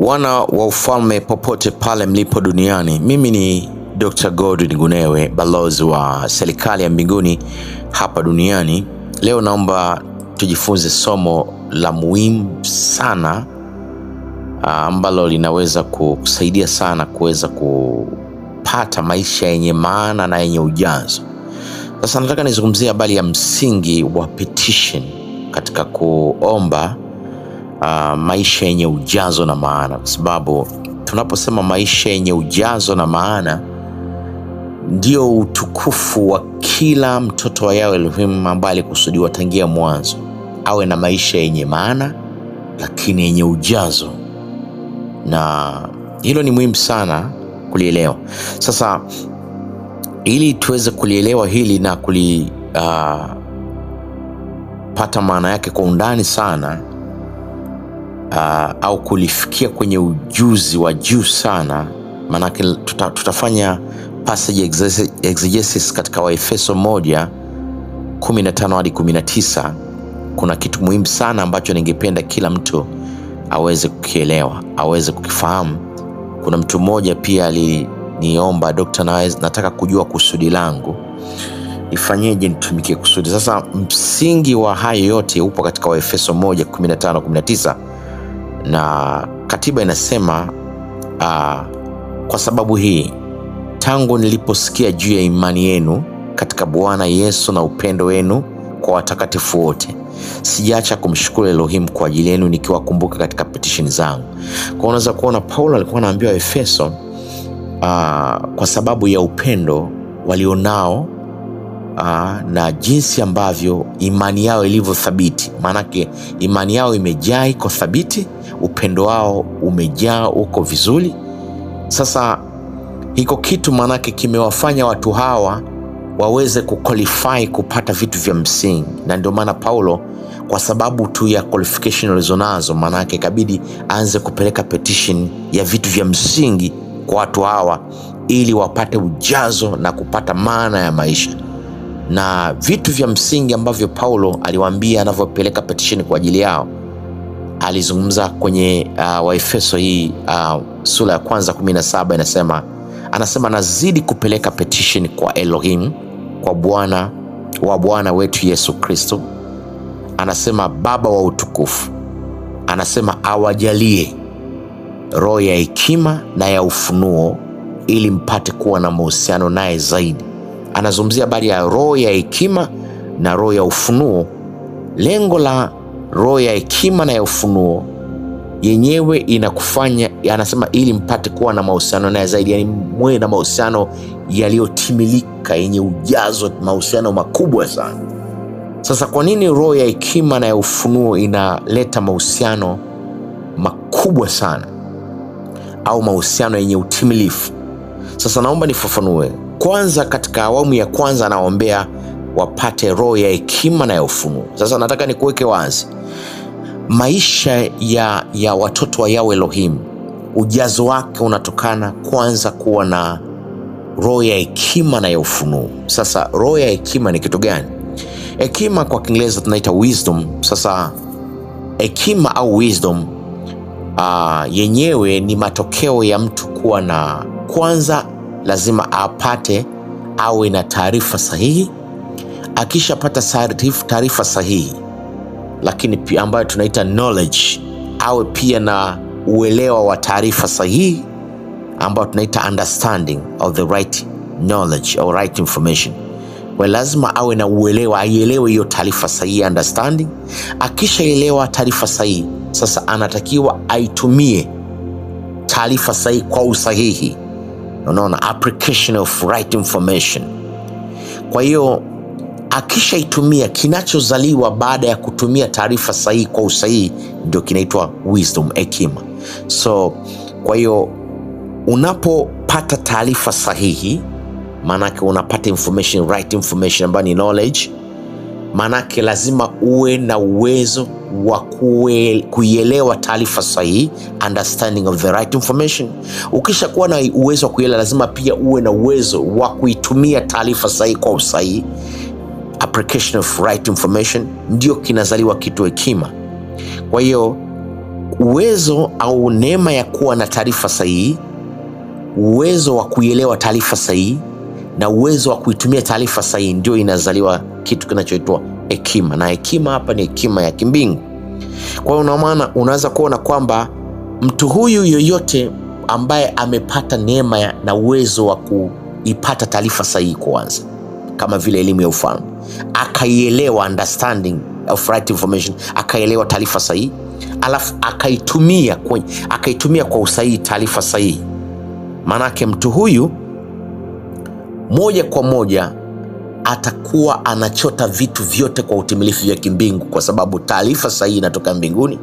Wana wa ufalme popote pale mlipo duniani, mimi ni Dr. Godwin Gunewe, balozi wa serikali ya mbinguni hapa duniani. Leo naomba tujifunze somo la muhimu sana ah, ambalo linaweza kusaidia sana kuweza kupata maisha yenye maana na yenye ujazo. Sasa nataka nizungumzie habari ya msingi wa petition katika kuomba uh, maisha yenye ujazo na maana, kwa sababu tunaposema maisha yenye ujazo na maana ndio utukufu wa kila mtoto wa Yahweh Elohim ambaye alikusudiwa tangia mwanzo awe na maisha yenye maana lakini yenye ujazo, na hilo ni muhimu sana kulielewa. Sasa ili tuweze kulielewa hili na kulipata ah, uh, maana yake kwa undani sana uh, au kulifikia kwenye ujuzi wa juu sana, maanake tuta, tutafanya passage exegesis katika Waefeso 1 15 hadi 19. Kuna kitu muhimu sana ambacho ningependa kila mtu aweze kukielewa, aweze kukifahamu. Kuna mtu mmoja pia aliniomba, Dokta, nataka kujua kusudi langu ifanyeje nitumikie kusudi. Sasa msingi wa hayo yote upo katika Waefeso 1 15 19 na katiba inasema uh, kwa sababu hii tangu niliposikia juu ya imani yenu katika Bwana Yesu na upendo wenu kwa watakatifu wote, sijaacha kumshukuru Elohim kwa ajili yenu nikiwakumbuka katika petisheni zangu. Kwa unaweza kuona Paulo alikuwa anaambiwa Efeso uh, kwa sababu ya upendo walionao Aa, ah, na jinsi ambavyo imani yao ilivyothabiti, maanake imani yao imejaa iko thabiti upendo wao umejaa uko vizuri. Sasa hiko kitu maanake kimewafanya watu hawa waweze kuqualify kupata vitu vya msingi, na ndio maana Paulo kwa sababu tu ya qualification alizonazo, maanake kabidi aanze kupeleka petition ya vitu vya msingi kwa watu hawa ili wapate ujazo na kupata maana ya maisha. Na vitu vya msingi ambavyo Paulo aliwaambia anavyopeleka petition kwa ajili yao alizungumza kwenye uh, Waefeso hii uh, sura ya kwanza 17 inasema, anasema nazidi kupeleka petition kwa Elohim kwa Bwana wa Bwana wetu Yesu Kristo, anasema Baba wa utukufu, anasema awajalie roho ya hekima na ya ufunuo ili mpate kuwa na mahusiano naye zaidi. Anazungumzia habari ya roho ya hekima na roho ya ufunuo. Lengo la roho ya hekima na ya ufunuo yenyewe inakufanya, anasema ili mpate kuwa na mahusiano naye zaidi, yani mwe na mahusiano yaliyotimilika yenye ujazo, mahusiano makubwa sana. Sasa kwa nini roho ya hekima na ya ufunuo inaleta mahusiano makubwa sana au mahusiano yenye utimilifu? Sasa naomba nifafanue kwanza. Katika awamu ya kwanza anaombea wapate roho ya hekima na ya ufunuo. Sasa nataka nikuweke wazi, maisha ya, ya watoto wa Yawe Elohim, ujazo wake unatokana kwanza kuwa na roho ya hekima na ya ufunuo. Sasa roho ya hekima ni kitu gani? Hekima kwa Kiingereza tunaita wisdom. Sasa hekima au wisdom uh, yenyewe ni matokeo ya mtu kuwa na, kwanza lazima apate awe na taarifa sahihi akishapata taarifa sahihi, lakini pia ambayo tunaita knowledge, awe pia na uelewa wa taarifa sahihi ambayo tunaita understanding of the right knowledge or right information. Kwa lazima awe na uelewa, aielewe hiyo taarifa sahihi, understanding. Akishaelewa taarifa sahihi, sasa anatakiwa aitumie taarifa sahihi kwa usahihi. Unaona, application of right information. Kwa hiyo akishaitumia, kinachozaliwa baada ya kutumia taarifa sahihi kwa usahihi ndio kinaitwa wisdom, hekima. So kwa hiyo unapopata taarifa sahihi, maanake unapata information, right information ambayo ni knowledge, maanake lazima uwe na uwezo wa kuielewa taarifa sahihi, understanding of the right information. Ukisha kuwa na uwezo wa kuielewa, lazima pia uwe na uwezo wa kuitumia taarifa sahihi kwa usahihi application of right information, ndio kinazaliwa kitu hekima. Kwa hiyo uwezo au neema ya kuwa na taarifa sahihi, uwezo wa kuielewa taarifa sahihi na uwezo wa kuitumia taarifa sahihi, ndio inazaliwa kitu kinachoitwa hekima, na hekima hapa ni hekima ya kimbingu. Kwa hiyo maana unaweza kuona kwamba mtu huyu yoyote ambaye amepata neema na uwezo wa kuipata taarifa sahihi kwanza, kama vile elimu ya ufahamu akaielewa understanding of right information, akaielewa taarifa sahihi, alafu akaitumia kwa, akaitumia kwa usahihi taarifa sahihi. Maanake mtu huyu moja kwa moja atakuwa anachota vitu vyote kwa utimilifu vya kimbingu, kwa sababu taarifa sahihi inatoka mbinguni.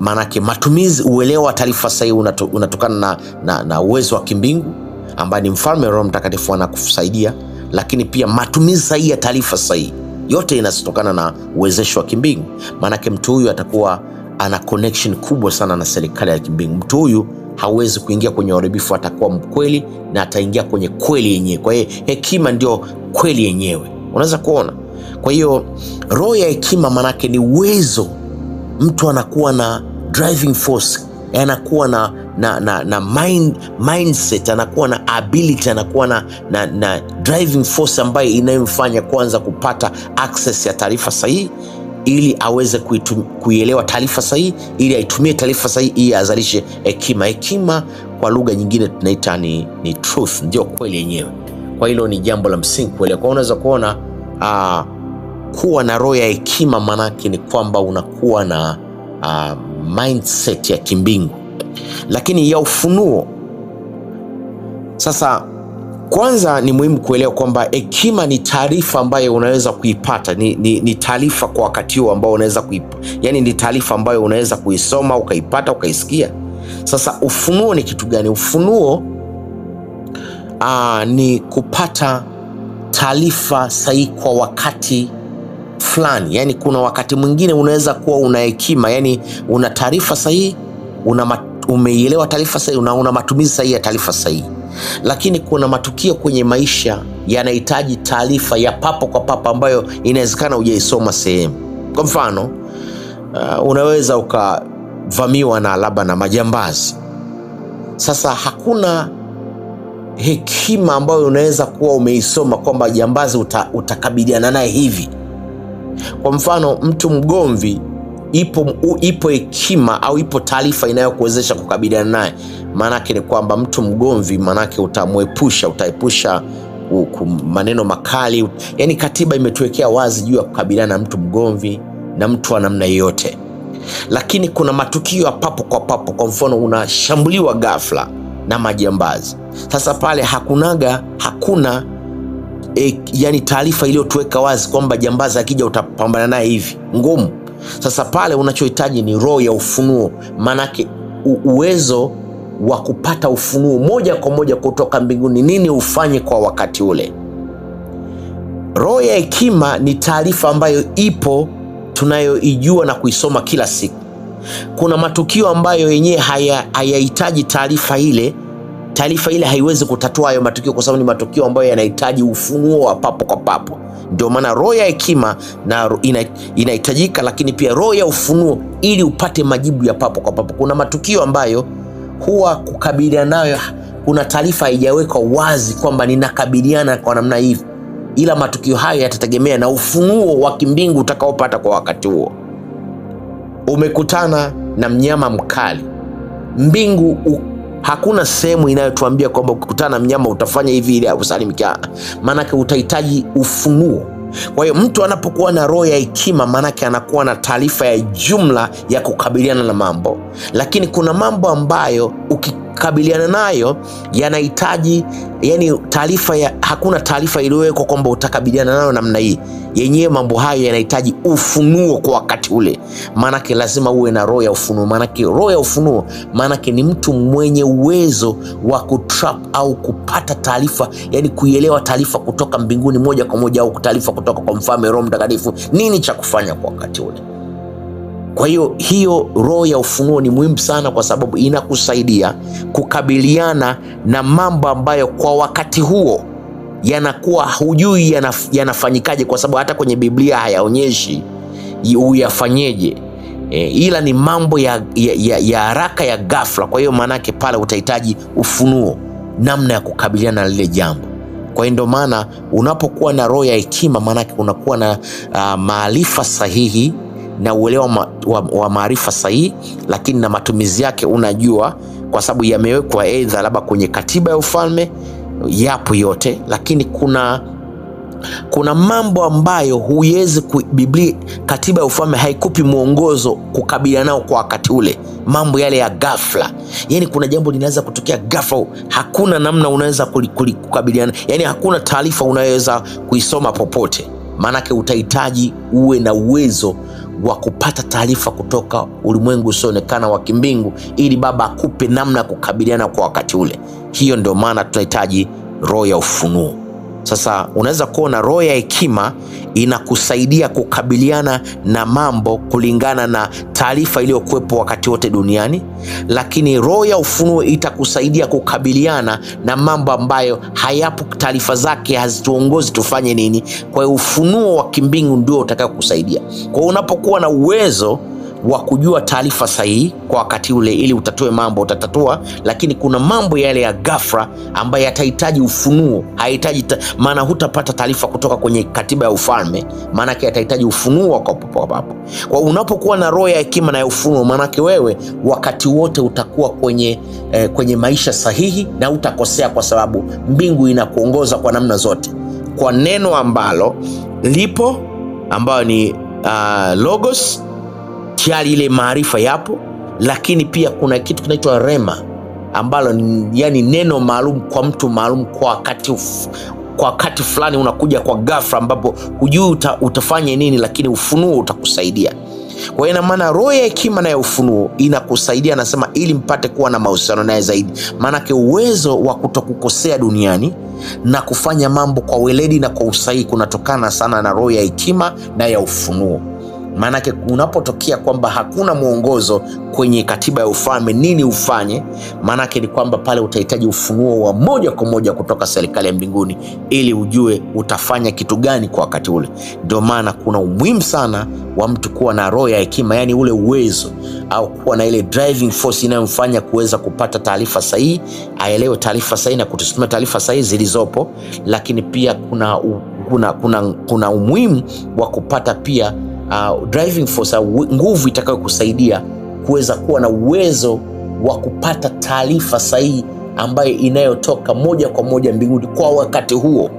Maanake matumizi, uelewa wa taarifa sahihi unatokana na, na, na uwezo wa kimbingu ambaye ni mfalme Roho Mtakatifu anakusaidia lakini pia matumizi sahihi ya taarifa sahihi. Yote inatokana na uwezesho wa kimbingu, maanake mtu huyu atakuwa ana connection kubwa sana na serikali ya kimbingu. Mtu huyu hawezi kuingia kwenye uharibifu, atakuwa mkweli na ataingia kwenye kweli yenyewe. Kwa hiyo hekima ndio kweli yenyewe, unaweza kuona. Kwa hiyo roho ya hekima maanake ni uwezo, mtu anakuwa na driving force anakuwa na, na, na, na mind, mindset anakuwa na ability anakuwa na, na, na driving force ambayo inayomfanya kwanza kupata access ya taarifa sahihi ili aweze kuielewa taarifa sahihi, ili aitumie taarifa sahihi, ili azalishe hekima. Hekima kwa lugha nyingine tunaita ni, ni truth, ndio kweli yenyewe. Kwa hilo ni jambo la msingi kuelewa. Kwa unaweza kuona uh, kuwa na roho ya hekima maanake ni kwamba unakuwa na uh, mindset ya kimbingu, lakini ya ufunuo. Sasa kwanza ni muhimu kuelewa kwamba hekima ni taarifa ambayo unaweza kuipata, ni, ni, ni taarifa kwa wakati huo ambao unaweza kuipa, yani ni taarifa ambayo unaweza kuisoma ukaipata ukaisikia. Sasa ufunuo ni kitu gani? Ufunuo aa, ni kupata taarifa sahihi kwa wakati fulani. Yani kuna wakati mwingine unaweza kuwa una hekima, yani una taarifa sahihi, umeielewa taarifa sahihi, una, una matumizi sahihi ya taarifa sahihi, lakini kuna matukio kwenye maisha yanahitaji taarifa ya papo kwa papo ambayo inawezekana hujaisoma sehemu. Kwa mfano uh, unaweza ukavamiwa na labda na majambazi. Sasa hakuna hekima ambayo unaweza kuwa umeisoma kwamba jambazi uta, utakabiliana naye hivi kwa mfano, mtu mgomvi, ipo ipo hekima au ipo taarifa inayokuwezesha kukabiliana naye. Maanake ni kwamba mtu mgomvi, maanake utamwepusha, utaepusha maneno makali. yani katiba imetuwekea wazi juu ya kukabiliana na mtu mgomvi na mtu wa namna yoyote, lakini kuna matukio ya papo kwa papo. Kwa mfano, unashambuliwa ghafla na majambazi. Sasa pale hakunaga hakuna e, yani taarifa iliyotuweka wazi kwamba jambazi akija utapambana naye hivi ngumu. Sasa pale unachohitaji ni roho ya ufunuo, maanake uwezo wa kupata ufunuo moja kwa moja kutoka mbinguni, nini ufanye kwa wakati ule. Roho ya hekima ni taarifa ambayo ipo tunayoijua na kuisoma kila siku. Kuna matukio ambayo yenyewe hayahitaji haya taarifa ile taarifa ile haiwezi kutatua hayo matukio, kwa sababu ni matukio ambayo yanahitaji ufunuo wa papo kwa papo. Ndio maana roho ya hekima na inahitajika, lakini pia roho ya ufunuo ili upate majibu ya papo kwa papo. Kuna matukio ambayo huwa kukabiliana nayo, kuna taarifa haijawekwa wazi kwamba ninakabiliana kwa namna hivi, ila matukio hayo yatategemea na ufunuo wa kimbingu utakaopata kwa wakati huo. Umekutana na mnyama mkali, mbingu Hakuna sehemu inayotuambia kwamba ukikutana na mnyama utafanya hivi ili akusalimika, maanake utahitaji ufunuo. Kwa hiyo mtu anapokuwa na roho ya hekima, maanake anakuwa na taarifa ya jumla ya kukabiliana na mambo, lakini kuna mambo ambayo uki kukabiliana nayo yanahitaji yani taarifa ya, hakuna taarifa iliyowekwa kwamba utakabiliana nayo namna hii. Yenyewe mambo hayo yanahitaji ufunuo kwa wakati ule, maanake lazima uwe na roho ya ufunuo, maanake roho ya ufunuo, maanake ni mtu mwenye uwezo wa kutrap au kupata taarifa, yani kuielewa taarifa kutoka mbinguni moja kwa moja au taarifa kutoka kwa mfalme Roho Mtakatifu, nini cha kufanya kwa wakati ule. Kwa hiyo hiyo roho ya ufunuo ni muhimu sana, kwa sababu inakusaidia kukabiliana na mambo ambayo kwa wakati huo yanakuwa hujui yanaf, yanafanyikaje, kwa sababu hata kwenye Biblia hayaonyeshi uyafanyeje. E, ila ni mambo ya, ya, ya, ya haraka ya ghafla. Kwa hiyo maanake pale utahitaji ufunuo, namna ya kukabiliana na lile jambo. Kwa hiyo ndio maana unapokuwa na roho ya hekima, maanake unakuwa na uh, maarifa sahihi na uelewa ma, wa, wa maarifa sahihi, lakini na matumizi yake unajua, kwa sababu yamewekwa aidha labda kwenye katiba ya ufalme, yapo yote, lakini kuna kuna mambo ambayo huwezi Biblia, katiba ya ufalme haikupi mwongozo kukabiliana nao kwa wakati ule, mambo yale ya ghafla. Yani kuna jambo linaweza kutokea ghafla, hakuna namna unaweza kukabiliana, yani hakuna taarifa unayoweza kuisoma popote, maanake utahitaji uwe na uwezo wa kupata taarifa kutoka ulimwengu usioonekana wa kimbingu, ili Baba akupe namna ya kukabiliana kwa wakati ule. Hiyo ndio maana tunahitaji roho ya ufunuo. Sasa unaweza kuona roho ya hekima inakusaidia kukabiliana na mambo kulingana na taarifa iliyokuwepo wakati wote duniani, lakini roho ya ufunuo itakusaidia kukabiliana na mambo ambayo hayapo, taarifa zake hazituongozi tufanye nini. Kwa hiyo ufunuo wa kimbingu ndio utakaokusaidia. Kwa hiyo unapokuwa na uwezo wa kujua taarifa sahihi kwa wakati ule, ili utatue mambo utatatua, lakini kuna mambo yale ya ghafla ambayo yatahitaji ufunuo, hayahitaji maana, hutapata taarifa kutoka kwenye katiba ya ufalme, maanake yatahitaji ufunuo kwa papo Kwa unapokuwa na roho ya hekima na ya ufunuo, maanake wewe wakati wote utakuwa kwenye, eh, kwenye maisha sahihi na utakosea, kwa sababu mbingu inakuongoza kwa namna zote kwa neno ambalo lipo ambayo ni uh, logos tayari ile maarifa yapo, lakini pia kuna kitu kinaitwa rema ambalo yani neno maalum kwa mtu maalum kwa wakati kwa wakati fulani unakuja kwa ghafla, ambapo hujui uta, utafanya nini, lakini ufunuo utakusaidia. Kwa hiyo ina maana roho ya hekima na ya ufunuo inakusaidia, anasema ili mpate kuwa na mahusiano naye zaidi, maanake uwezo wa kutokukosea duniani na kufanya mambo kwa weledi na kwa usahihi kunatokana sana na roho ya hekima na ya ufunuo. Maanake unapotokea kwamba hakuna mwongozo kwenye katiba ya ufalme nini ufanye, maanake ni kwamba pale utahitaji ufunuo wa moja kwa moja kutoka serikali ya mbinguni ili ujue utafanya kitu gani kwa wakati ule. Ndio maana kuna umuhimu sana wa mtu kuwa na roho ya hekima, yaani ule uwezo au kuwa na ile driving force inayomfanya kuweza kupata taarifa sahihi, aelewe taarifa sahihi na kutusimamia taarifa sahihi zilizopo, lakini pia kuna, kuna, kuna, kuna umuhimu wa kupata pia uh, driving force uh, nguvu itakayokusaidia kuweza kuwa na uwezo wa kupata taarifa sahihi ambayo inayotoka moja kwa moja mbinguni kwa wakati huo.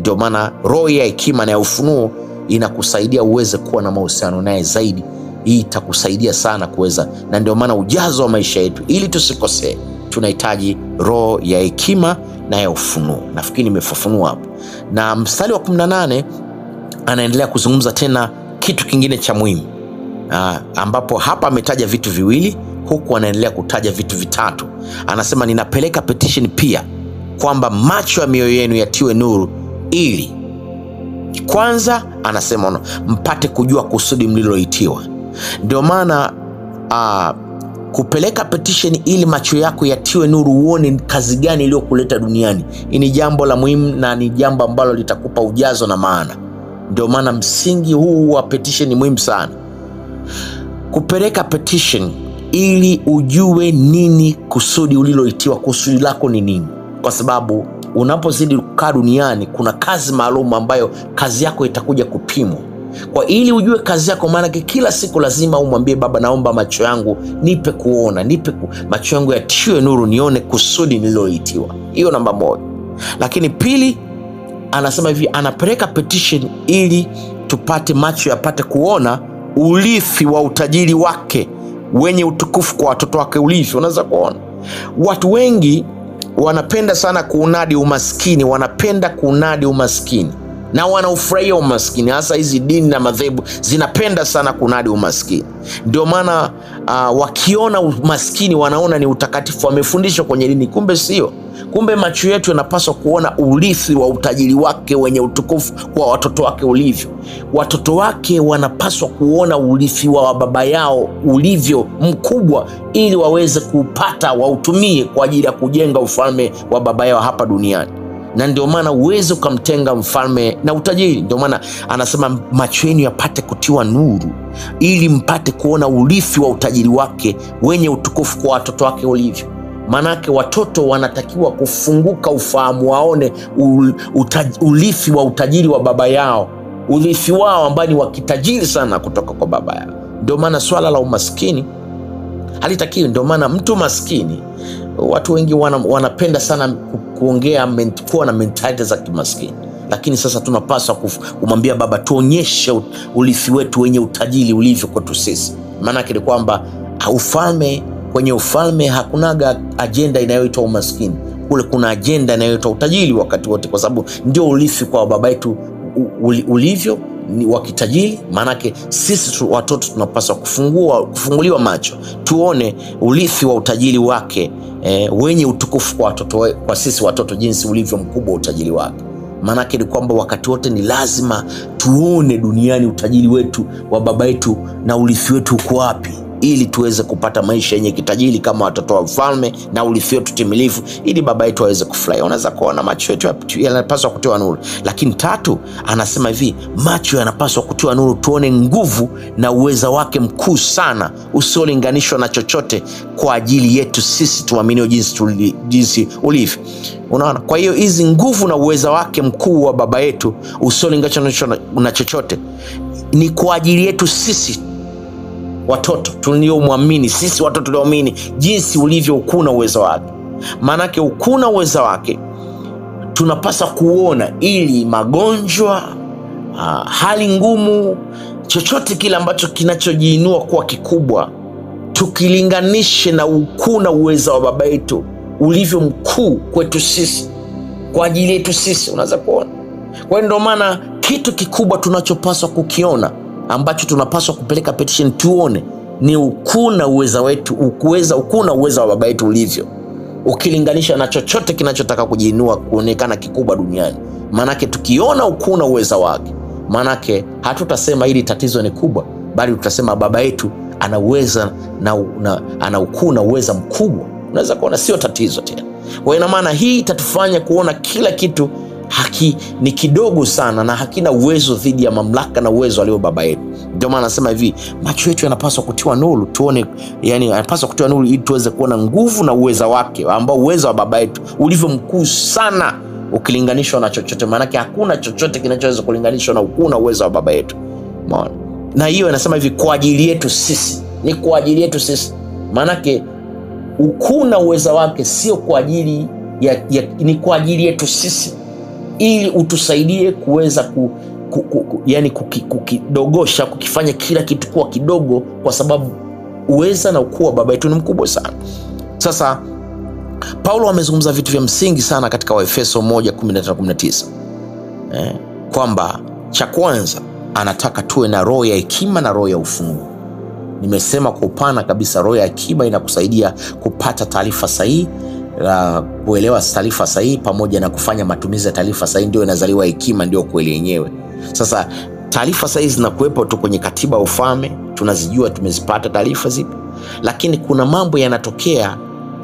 Ndio maana roho ya hekima na ya ufunuo inakusaidia uweze kuwa na mahusiano naye zaidi. Hii itakusaidia sana kuweza, na ndio maana ujazo wa maisha yetu, ili tusikosee, tunahitaji roho ya hekima na ya ufunuo. Nafikiri nimefafanua hapo. Na mstari wa 18 anaendelea kuzungumza tena kitu kingine cha muhimu uh, ambapo hapa ametaja vitu viwili huku anaendelea kutaja vitu vitatu. Anasema ninapeleka petition pia kwamba macho ya mioyo yenu yatiwe nuru, ili kwanza, anasema ono, mpate kujua kusudi mliloitiwa. Ndio maana uh, kupeleka petition ili macho yako yatiwe nuru, uone kazi gani iliyokuleta duniani. Hii ni jambo la muhimu na ni jambo ambalo litakupa ujazo na maana. Ndio maana msingi huu wa petition ni muhimu sana, kupeleka petition ili ujue nini kusudi uliloitiwa, kusudi lako ni nini, kwa sababu unapozidi kukaa duniani kuna kazi maalum ambayo kazi yako itakuja kupimwa kwa ili ujue kazi yako, maanake kila siku lazima umwambie Baba, naomba macho yangu nipe kuona, nipe ku... macho yangu yatiwe nuru, nione kusudi nililoitiwa. Hiyo namba moja. Lakini pili anasema hivi, anapeleka petition ili tupate macho yapate kuona urithi wa utajiri wake wenye utukufu kwa watoto wake. ulifi unaweza kuona, watu wengi wanapenda sana kuunadi umaskini, wanapenda kuunadi umaskini na wanaufurahia umaskini, hasa hizi dini na madhehebu zinapenda sana kunadi umaskini. Ndio maana uh, wakiona umaskini wanaona ni utakatifu, wamefundishwa kwenye dini, kumbe sio. Kumbe macho yetu yanapaswa kuona urithi wa utajiri wake wenye utukufu kwa watoto wake ulivyo. Watoto wake wanapaswa kuona urithi wa baba yao ulivyo mkubwa, ili waweze kupata wautumie kwa ajili ya kujenga ufalme wa baba yao hapa duniani. Na ndio maana huwezi ukamtenga mfalme na utajiri. Ndio maana anasema macho yenu yapate kutiwa nuru, ili mpate kuona urithi wa utajiri wake wenye utukufu kwa watoto wake ulivyo. Manake watoto wanatakiwa kufunguka ufahamu, waone urithi wa utajiri wa baba yao, urithi wao ambaye ni wakitajiri sana kutoka kwa baba yao. Ndio maana swala la umaskini halitakiwi. Ndio maana mtu maskini, watu wengi wana, wanapenda sana kuongea kuwa na mentality za kimaskini, lakini sasa tunapaswa kumwambia Baba, tuonyeshe urithi wetu wenye utajiri ulivyo kwetu sisi, maanake ni kwamba uh, ufalme Kwenye ufalme hakunaga ajenda inayoitwa umaskini, kule kuna ajenda inayoitwa utajiri wakati wote, kwa sababu ndio urithi kwa baba yetu ulivyo ni kitajili Maanake sisi tu, watoto tunapaswa kufunguliwa macho tuone urithi wa utajiri wake e, wenye utukufu kwa watoto, kwa sisi watoto jinsi ulivyo mkubwa utajiri wake. Maanake ni kwamba wakati wote ni lazima tuone duniani utajiri wetu wa baba yetu na urithi wetu uko wapi ili tuweze kupata maisha yenye kitajiri kama watoto wa mfalme na urithi wetu timilifu, ili baba yetu aweze kufurahi. Unaweza kuona macho yetu yanapaswa kutiwa nuru, lakini tatu anasema hivi, macho yanapaswa kutiwa nuru, tuone nguvu na uweza wake mkuu sana usiolinganishwa na chochote kwa ajili yetu sisi tuaminio jinsi, jinsi ulivyo. Unaona, kwa hiyo hizi nguvu na uweza wake mkuu wa baba yetu usiolinganishwa na chochote ni kwa ajili yetu sisi watoto tuliomwamini sisi, watoto tuliomini jinsi ulivyo ukuu na uwezo wake. Maanake ukuu na uwezo wake tunapaswa kuona, ili magonjwa uh, hali ngumu, chochote kile ambacho kinachojiinua kuwa kikubwa, tukilinganishe na ukuu na uwezo wa baba yetu ulivyo mkuu kwetu sisi, kwa ajili yetu sisi. Unaweza kuona, kwa hiyo ndio maana kitu kikubwa tunachopaswa kukiona ambacho tunapaswa kupeleka petition tuone ni ukuu na uweza wetu ukuweza ukuu na uweza wa baba yetu ulivyo, ukilinganisha na chochote kinachotaka kujiinua kuonekana kikubwa duniani. Maanake tukiona ukuu na uweza wake, maanake hatutasema hili tatizo ni kubwa, bali tutasema baba yetu ana uweza na, na, ana ukuu na uweza mkubwa. Unaweza kuona sio tatizo tena. Kwa ina maana hii itatufanya kuona kila kitu haki ni kidogo sana na hakina uwezo dhidi ya mamlaka na uwezo alio baba yetu. Ndio maana anasema hivi, macho yetu yanapaswa kutiwa nuru tuone, yani yanapaswa kutiwa nuru ili tuweze kuona nguvu na uweza wake, ambao uwezo wa baba yetu ulivyo mkuu sana ukilinganishwa na chochote. Maanake hakuna chochote kinachoweza kulinganishwa na ukuu na uwezo wa baba yetu. Maana Na hiyo anasema hivi, kwa ajili yetu sisi, ni kwa ajili yetu sisi. Maanake ukuu na uweza wake sio kwa ajili ya, ya, ni kwa ajili yetu sisi ili utusaidie kuweza ku, ku, ku, ku, yani kuki, kukidogosha kukifanya kila kitu kuwa kidogo, kwa sababu uweza na ukuu wa baba yetu ni mkubwa sana. Sasa Paulo amezungumza vitu vya msingi sana katika Waefeso 119 19 eh, kwamba cha kwanza anataka tuwe na roho ya hekima na roho ya ufungu. Nimesema kwa upana kabisa, roho ya hekima inakusaidia kupata taarifa sahihi la kuelewa taarifa sahihi pamoja na kufanya matumizi ya taarifa sahihi, ndio inazaliwa hekima, ndio kweli yenyewe. Sasa taarifa sahihi zinakuwepo tu kwenye katiba ya ufalme, tunazijua, tumezipata taarifa zipo lakini kuna mambo yanatokea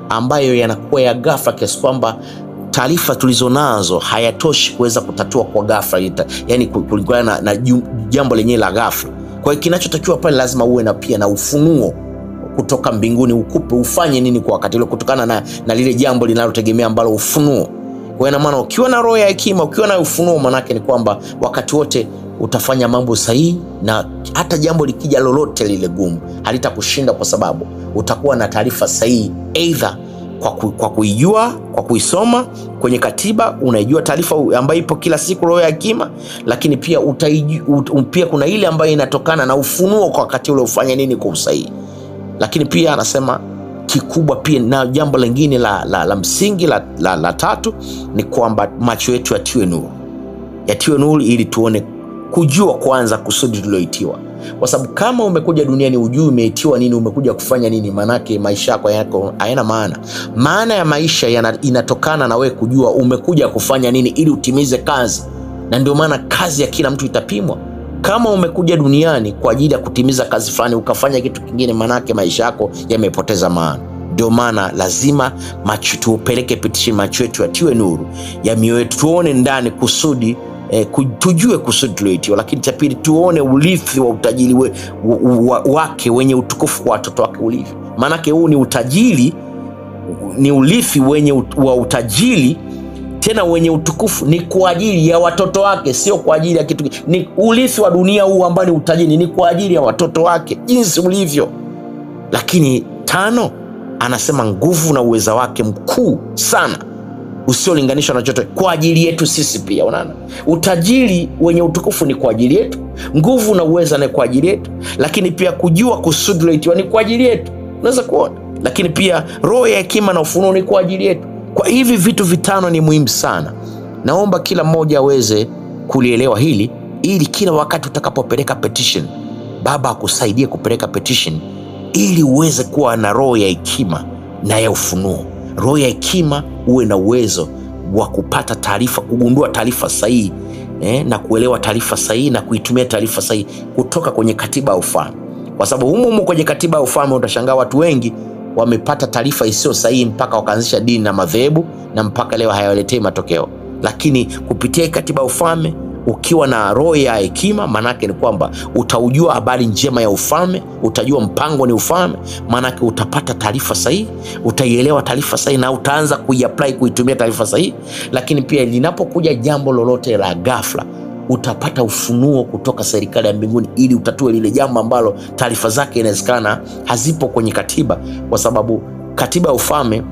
ambayo yanakuwa ya ghafla kiasi kwamba taarifa tulizonazo hayatoshi kuweza kutatua kwa ghafla, yani kulingana na, na jambo lenyewe la ghafla. Kwa hiyo kinachotakiwa pale lazima uwe na pia na ufunuo kutoka mbinguni ukupe ufanye nini kwa wakati ule, kutokana na, na lile jambo linalotegemea ambalo ufunuo. Kwa ina maana ukiwa na roho ya hekima, ukiwa na ufunuo, manake ni kwamba wakati wote utafanya mambo sahihi, na hata jambo likija lolote lile gumu halitakushinda kwa sababu utakuwa na taarifa sahihi, aidha kwa, ku, kwa kuijua kwa kuisoma kwenye katiba, unaijua taarifa ambayo ipo kila siku, roho ya hekima, lakini pia utaiju, ut, pia kuna ile ambayo inatokana na ufunuo kwa wakati ule ufanye nini kwa usahihi. Lakini pia anasema kikubwa pia na jambo lingine la, la, la msingi la, la, la tatu ni kwamba macho yetu yatiwe nuru, yatiwe nuru ili tuone kujua kwanza kusudi tulioitiwa, kwa sababu kama umekuja duniani ujui umeitiwa nini, umekuja kufanya nini, maanake maisha yako yako hayana maana. Maana ya maisha yana, inatokana na wewe kujua umekuja kufanya nini ili utimize kazi, na ndio maana kazi ya kila mtu itapimwa. Kama umekuja duniani kwa ajili ya kutimiza kazi fulani ukafanya kitu kingine, manake maisha yako yamepoteza maana. Ndio maana lazima macho tuupeleke pitishi, macho yetu yatiwe nuru ya mioyo yetu, tuone ndani kusudi E, tujue kusudi tulioitiwa, lakini cha pili tuone urithi wa utajiri we, wake wenye utukufu kwa watoto wake ulivyo. Maanake huu ni utajiri, ni urithi wenye wa utajiri tena wenye utukufu, ni kwa ajili ya watoto wake, sio kwa ajili ya kitu. Ni urithi wa dunia huu ambao ni utajiri, ni kwa ajili ya watoto wake jinsi ulivyo. Lakini tano, anasema nguvu na uweza wake mkuu sana usiolinganishwa na chochote kwa ajili yetu sisi pia. Unaona, utajiri wenye utukufu ni kwa ajili yetu, nguvu na uweza ni kwa ajili yetu, lakini pia kujua kusudi ni kwa ajili yetu. Unaweza kuona, lakini pia roho ya hekima na ufunuo ni kwa ajili yetu. Kwa hivi vitu vitano ni muhimu sana, naomba kila mmoja aweze kulielewa hili, ili kila wakati utakapopeleka petition, Baba akusaidie kupeleka petition, ili uweze kuwa na roho ya hekima na ya ufunuo. Roho ya hekima, uwe na uwezo wa kupata taarifa, kugundua taarifa sahihi eh, na kuelewa taarifa sahihi na kuitumia taarifa sahihi kutoka kwenye katiba ya ufahamu, kwa sababu humu kwenye katiba ya ufahamu utashangaa watu wengi wamepata taarifa isiyo sahihi mpaka wakaanzisha dini na madhehebu na mpaka leo hayawaletei matokeo. Lakini kupitia katiba ya ufalme ukiwa na roho ya hekima, maanake ni kwamba utaujua habari njema ya ufalme, utajua mpango ni ufalme, maanake utapata taarifa sahihi, utaielewa taarifa sahihi na utaanza kuiapply, kuitumia taarifa sahihi. Lakini pia linapokuja jambo lolote la ghafla utapata ufunuo kutoka serikali ya mbinguni ili utatue lile jambo ambalo taarifa zake inawezekana hazipo kwenye katiba, kwa sababu katiba ya ufalme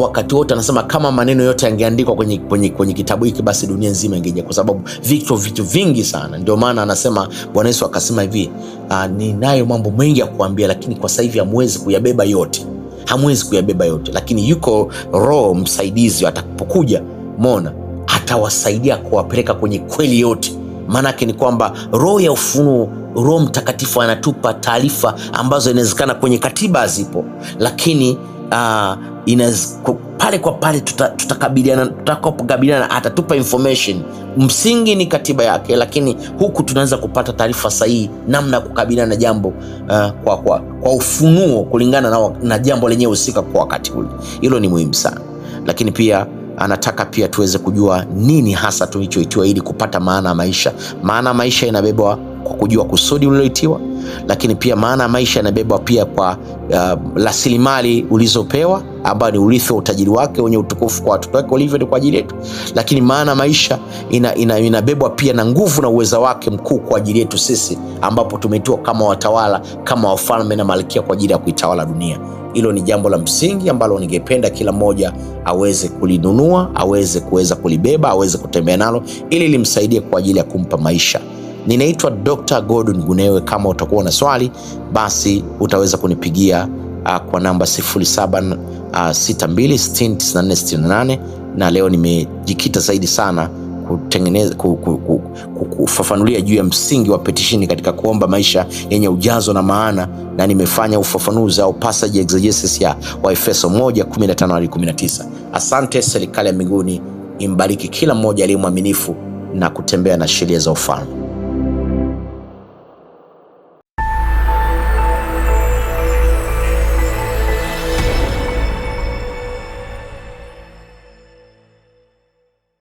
wakati wote anasema kama maneno yote yangeandikwa kwenye, kwenye, kwenye kitabu hiki basi dunia nzima ingeja, kwa sababu vichwa vitu vingi sana. Ndio maana anasema Bwana Yesu akasema hivi, ah, ninayo mambo mengi ya kuambia, lakini kwa sasa hivi hamwezi kuyabeba yote, hamwezi kuyabeba yote, lakini yuko Roho msaidizi atakapokuja mona atawasaidia kuwapeleka kwenye kweli yote. Maanake ni kwamba roho ya ufunuo, Roho Mtakatifu anatupa taarifa ambazo inawezekana kwenye katiba hazipo, lakini uh, ah, inaz, pale kwa pale tutakabiliana tuta tutakapokabiliana atatupa information. Msingi ni katiba yake, lakini huku tunaweza kupata taarifa sahihi namna ya kukabiliana na jambo uh, kwa, kwa, kwa ufunuo kulingana na, na jambo lenyewe husika kwa wakati ule. Hilo ni muhimu sana, lakini pia anataka pia tuweze kujua nini hasa tulichoitiwa ili kupata maana ya maisha. Maana ya maisha inabebwa kwa kujua kusudi uliloitiwa, lakini pia maana ya maisha inabebwa pia kwa uh, rasilimali uh, ulizopewa ambayo ni urithi wa utajiri wake wenye utukufu kwa watoto wake ulivyo ni kwa ajili yetu, lakini maana maisha ina, ina, inabebwa pia na nguvu na uweza wake mkuu kwa ajili yetu sisi, ambapo tumeitiwa kama watawala, kama wafalme na malkia kwa ajili ya kuitawala dunia. Hilo ni jambo la msingi ambalo ningependa kila mmoja aweze kulinunua, aweze kuweza kulibeba, aweze kutembea nalo ili limsaidie kwa ajili ya kumpa maisha. Ninaitwa Dr. Gordon Gunewe. Kama utakuwa na swali, basi utaweza kunipigia uh, kwa namba 0762609468 uh, na leo nimejikita zaidi sana kutengeneza kufafanulia juu ya msingi wa petishini katika kuomba maisha yenye ujazo na maana, na nimefanya ufafanuzi au passage exegesis ya Waefeso 1:15 hadi 19. Asante. Serikali ya mbinguni imbariki kila mmoja aliye mwaminifu na kutembea na sheria za ufalme.